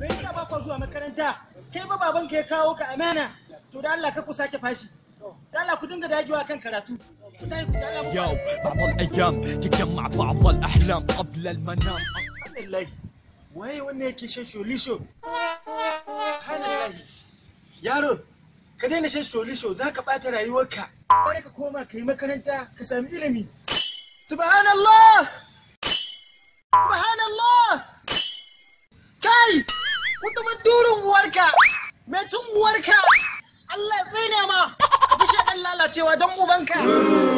Me yasa ba ka zuwa makaranta? Kai ba baban ka ya kawo ka amana. To da Allah ka ku sake fashi. Da Allah ku dinga dagewa kan karatu. Yau بعض ayyam تجمع بعض الاحلام قبل المنام الحمد لله waye wannan yake shan sholisho hanallahi yaro ka daina shan sholisho za ka ɓata rayuwarka bari ka koma ka yi makaranta ka sami ilimi subhanallah kai mutumin durin uwarka mai cin uwarka Allah ya ne ma bishe dan lalacewa don ubanka